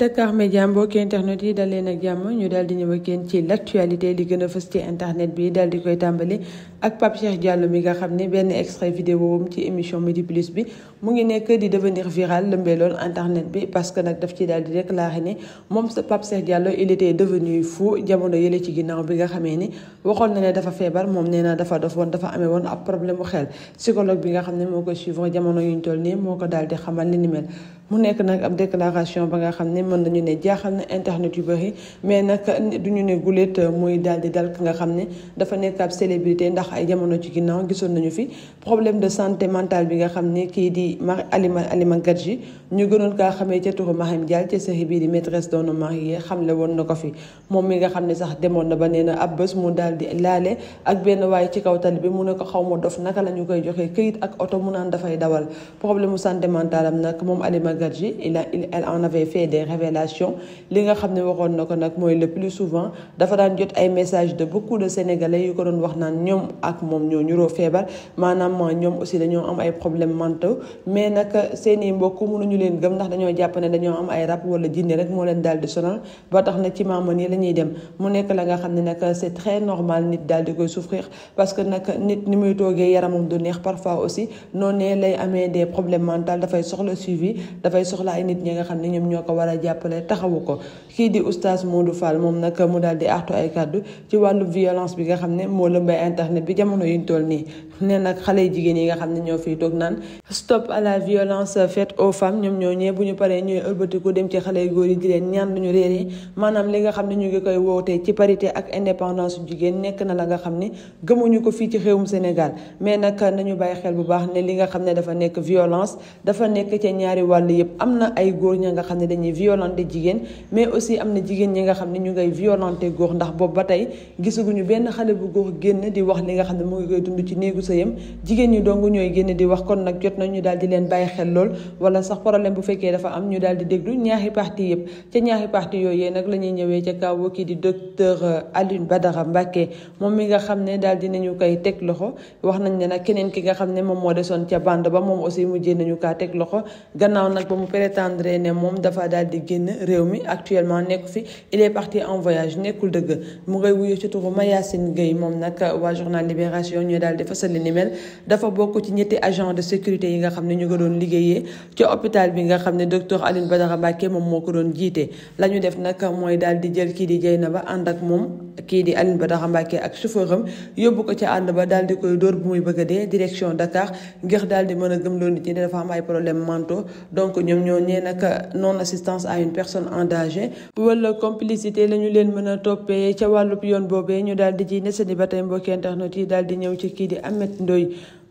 Dakar Media mbokki internet yi dal leen ak jàmm ñu daal di ñëw ak yéen ci l' actualité li gën a fës ci internet bi daal di koy tàmbali ak Pape Cheikh Diallo mi nga xam ne benn extrait vidéo am ci émission Midi bi mu ngi nekk di devenir viral lëmbeeloon internet bi parce que nag daf ci daal di déclaré ne moom sa Pape Cheikh Diallo il était devenu fou jamono yële ci ginnaaw bi nga xamee ni waxoon na ne dafa feebar moom nee na dafa dof woon dafa ame woon ab problème mu xel psychologue bi nga xam ne moo ko suivre jamono yuñ toll nii moo ko daal di xamal li ni mel mu nekk nag ab déclaration ba nga xam ne mën nañu ne jaaxal na internet yu bëri mais nag duñu ne guléet muy daal di dal ki nga xam ne dafa nekk ab célébrité ndax ndax ay jamono ci ginnaaw gisoon nañu fi problème de santé mentale bi nga xam ne kii di Marie Alima Alima Gadji ñu gënoon kaa xamee ca turu Mahim Dial ci série bii di maîtresse d'un homme marié xamle woon na ko fi moom mi nga xam ne sax demoon na ba nee na ab bés mu daal di laale ak benn waaye ci kaw tali bi mu ne ko xaw ma dof naka la ñu koy joxee këyit ak oto mu naan dafay dawal problème mu santé mentale am nag moom Alima Gadji il elle en avait fait li nga xam ne waxoon na ko nag mooy le plus souvent dafa daan jot ay messages de beaucoup de sénégalais yu ko doon wax naan ñoom ak moom ñoo ñuroo feebar maanaam ah, ñoom aussi dañoo am ay problème mentaux mais nag ah, mbokk i nu ñu leen gëm ndax dañoo jàpp ne dañoo am ay rab wala jinne rek moo leen daal di sonal ba tax na ci maama nii la ñuy dem mu nekk la nga xam ne nag ah, c'est très normal nit daal di koy souffrir parce que nag nit ñi muy toogee yaramam du neex parfois aussi noonu lay amee des problèmes mentaux dafay soxla suivi dafay soxla ay nit ñi nga xam ne ñoom ñoo ko war a jàppale taxawu ko kii di oustaz Modou Fall moom nag mu daal di artu ay kàddu ci wàllu violence bi nga xam ne moo lëmbay internet bi jamono yuñ toll nii nee nag xale yu jigéen yi nga xam ne ñoo fiy toog naan stop à la violence faite aux femmes ñoom ñoo ñee bu ñu paree ñooy ëlbatiku dem ci xale yu góor yi di leen ñaan duñu réeree maanaam li nga xam ne ñu ngi koy wootee ci parité ak indépendance jigéen nekk na la nga xam ne gëmuñu ko fii ci réewum Sénégal mais nag nañu bàyyi xel bu baax ne li nga xam ne dafa nekk violence dafa nekk ci ñaari wàll yëpp am na ay góor ña nga xam ne dañuy violenter jigéen mais aussi am na jigéen ñi nga xam ne ñu ngay violenter góor ndax boobu ba tey gisaguñu benn xale bu góor génn di wax li nga xam ne mu ngi koy dund ci néegu sëyam jigéen ñi dong ñooy génn di wax kon nag jot nañ ñu daal di leen bàyyi xel lool wala sax problème bu fekkee dafa am ñu daal di déglu ñaari parti yëpp ca ñaari parti yooyee nag la ñuy ñëwee ca kaw kii di docteur euh, Alioune Badara Mbacké moom mi nga xam ne daal ñu koy teg loxo wax nañ ne nag keneen ki nga xam ne moom moo de desoon ca band ba moom aussi mujjee nañu kaa teg loxo gannaaw nag ba mu prétendre ne moom dafa daal di génn réew mi actuellement nekk fi il est parti nekkul dëgg libération ñoo daal di fasal ni mel dafa bokk ci ñetti agent de sécurité yi nga xam ne ñu ko doon liggéeyee ci hôpital bi nga xam ne docteur Alioune Badara Mbacké moom moo ko doon jiite la def nag mooy daal di jël kii di Dieynaba ànd ak moom kii di Alioune Badara Mbacké ak chauffeuram yóbbu ko ca ànd ba daal koy dóor bu muy bëgg a direction Dakar ngir daal mën a gëm loon nit ñi dafa am problème mentaux donc ñoom ñoo ñee nag non assistance à la ñu leen mën a toppee ca wàllub yoon boobee ñu daal di ji yi daal di ñëw ci kii di Ameth Ndoye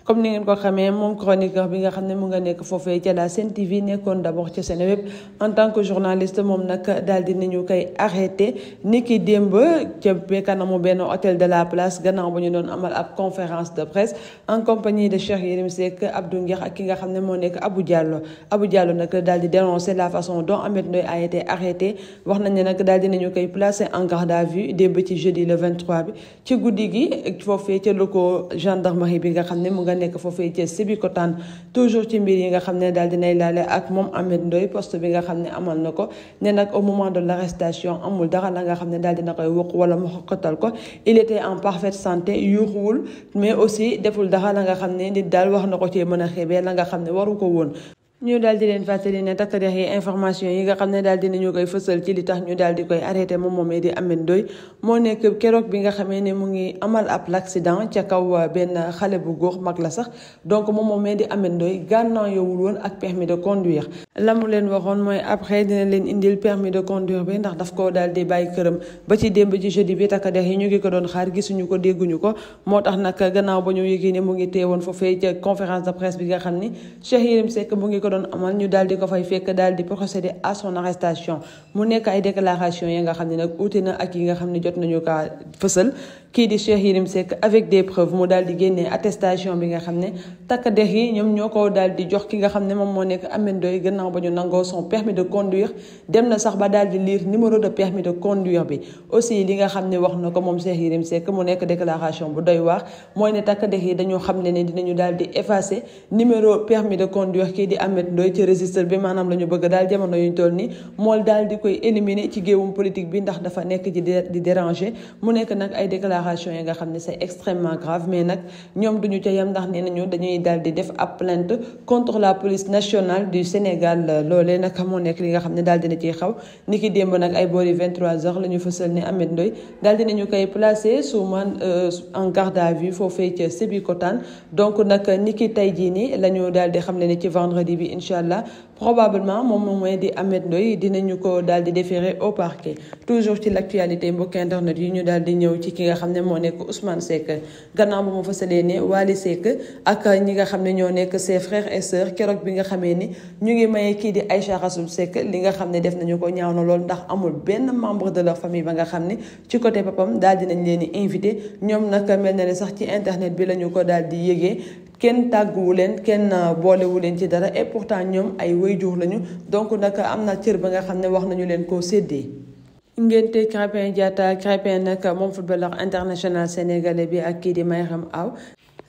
comme ni ngeen ko xamee moom chroniqueur bi nga xam ne mu nga nekk foofee ca la Sen TV nekkoon d' que journaliste moom nag daal di nañu koy arrêté ni ki démb ca kanamu benn hôtel de la place gannaaw ba ñu doon amal ab conférence de presse en compagnie de Cheikh Yérim Seck ak ki nga xam ne moo nekk Abou Diallo Abou Diallo nag daal di dénoncer la façon dont Ameth Ndoye a été arrêté wax nañ ne nag daal di nañu en garde à vue démb ci jeudi le 23 bi nga xam ne mu nga nga nekk foofee ca Sébikotane toujours ci mbir yi nga xam ne daal dinay laale ak moom Ameth Ndoye poste bi nga xam ne amal na ko ne nag au moment de l'arrestation amul dara la nga xam ne daal na koy wokk wala mu xokkatal ko il était en parfaite santé yuuxuwul mais aussi deful dara la nga xam ne nit daal wax na ko ci mën a xeebee la nga xam ne waru ko woon ñu daal di leen fàttali ne takk yi information yi nga xam ne daal dinañu koy fësal ci li tax ñu daal di koy arrêté moom di Ameth Ndoye moo nekk keroog bi nga xamee ne mu ngi amal ab l'accident ca kaw euh, benn xale bu góor mag la sax donc moom moomee di Ameth Ndoye gànnaaw yowul woon ak de conduire la mu leen waxoon mooy après dina leen indil permis de conduire bi ndax daf koo daal di bàyyi këram ba ci démb ci jeudi bi takk der yi ñu ngi ko doon xaar gisuñu ko dégguñu ko moo tax nag gannaaw ba ñu yëgee ne mu ngi teewoon foofee ca conférence de presse bi nga xam ni Cheikh Yérim Seck mu ngi ko doon amal ñu daal di ko fay fekk daal di de à son arrestation mu nekk ay déclaration yi nga xam ne nag uute na ak yi nga xam ne jot nañu kaa fësal kii di Cheikh Yérim Seck avec des preuves mu daal di attestation bi nga xam ne takk dex yi ñoom ñoo ko daal di jox ki nga xam ne moom moo nekk Ameth Ndoye gannaaw ba ñu nangoo son permis de conduire dem na sax ba daal di lire numéro de permis de conduire bi aussi li nga xam ne wax na ko moom Cheikh Yérim mu nekk déclaration bu doy waar mooy ne takk dex yi Ahmed Ndoye ci registre bi maanaam la ñu bëgg daal jamono yuñ toll ni mool daal di koy éliminer ci géewum politique bi ndax dafa nekk ci di déranger mu nekk nag ay déclaration yi nga xam ne c'est extrêmement grave mais nag ñoom duñu ca yem ndax nee nañu dañuy di def ab plainte contre la police nationale du Sénégal loolee nag moo nekk li nga xam ne daal dina ciy xaw ni ki démb nag ay boori 23 heures la ñu fësal ne Ahmed Ndoye daal dinañu koy placé sous euh, en garde à vue foofee bi incha allah probablement moom mooy di Ameth Ndoye dinañu ko daal di déférer au parquet toujours ci l' actualité mbokki internet yi ñu daal di ñëw ci ki nga xam ne moo nekk Ousmane Seck gannaaw ba mu fasalee ne Wally Seck ak ñi nga xam ne ñoo nekk ses frères et keroog bi nga xamee ni ñu ngi maye kii di Aïcha Rassoul Seck li nga xam ne def nañu ko ñaaw na lool ndax amul benn membre de leur famille ba nga xam ne ci côté papam daal dinañ leen di invité ñoom nag mel na sax ci internet bi la ñu ko daal di yëgee kenn tàgguwu leen kenn euh, boolewu leen ci dara et pourtant ñoom ay waajur lañu donc nag am na cër ba nga xam ne wax nañu leen ko séddee. ngénte Krépin Diatta Krépin nag moom footballeur international sénégalais bi ak kii di Mayram Aw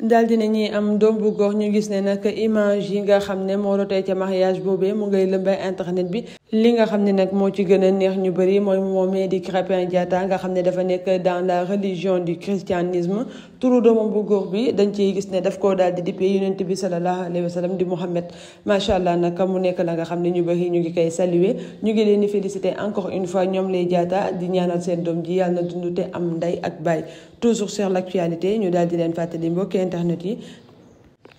na dinañuy am doom bu góor ñu gis ne nag image yi nga xam ne moo rotee ca mariage boobee mu ngay lëmbay internet bi li nga xam ne nag moo ci gën a neex ñu bëri mooy moomee di Krépin Diatta nga xam ne dafa nekk dans la religion du christianisme turu doomam bu góor bi dañ ciy gis ne daf koo daal di dippee yonent bi sallallahu alayhi wa di Mouhamed macha allah nag mu nekk la nga xam ne ñu bëri ñu ngi koy saluer ñu ngi leen di féliciter encore une fois ñoom lay Diatta di ñaanal seen doom ji yàlla na dund am ndey ak baay toujours sur l'actualité ñu daal di leen fàttali mbokk internet yi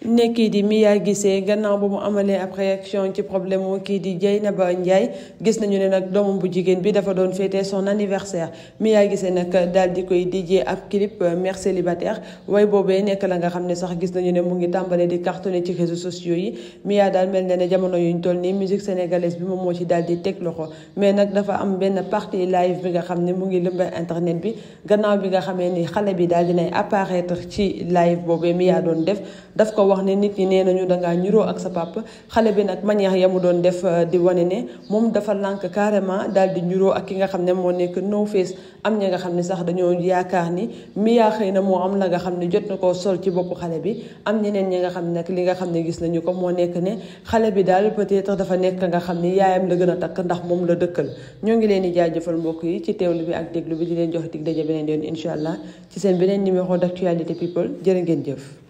ne kii di Mia Guissé gannaaw ba mu amalee ab réaction ci problème mu kii di Dieynaba njaay gis nañu ne nag doomam bu jigéen bi dafa doon fêter son anniversaire Mia gise nag daal di koy dijjee ak clip euh, mère célibataire way boobee nekk la nga xam ne sax gis nañu ne mu ngi tàmbalee di cartonné ci réseaux sociaux yi Mia daal mel na ne jamono yu ñu toll nii musique sénégalaise bi moom moo ci dal di teg loxo mais nag dafa am benn partie live bi nga xam ne mu ngi lëmba internet bi gannaaw bi nga xamee ni xale bi daal dinay apparaître ci live boobee Mia doon def wax ne nit ñi nee nañu dangaa ñuroo ak sa papa xale bi nag manière ya mu doon def euh, di wane ne moom dafa lànk carrément daal di ñuroo ak ki nga xam ne moo nekk no face am ña nga xam ne sax dañoo yaakaar ni miyaa xëy na moo am la nga xam ne jot na koo sol ci boppu xale bi am ñeneen ñi nga xam ne nag li nga xam ne gis nañu ko moo nekk ne xale bi daal peut-être dafa nekk nga xam ni yaayam la gën a takk ndax moom la dëkkal ñoo ngi leen di jaajëfal mbokk yi ci teewlu bi ak déglu bi di leen jox dig daje beneen yoon incha allah ci seen beneen numéro d'actualité people jërë ngeen jëf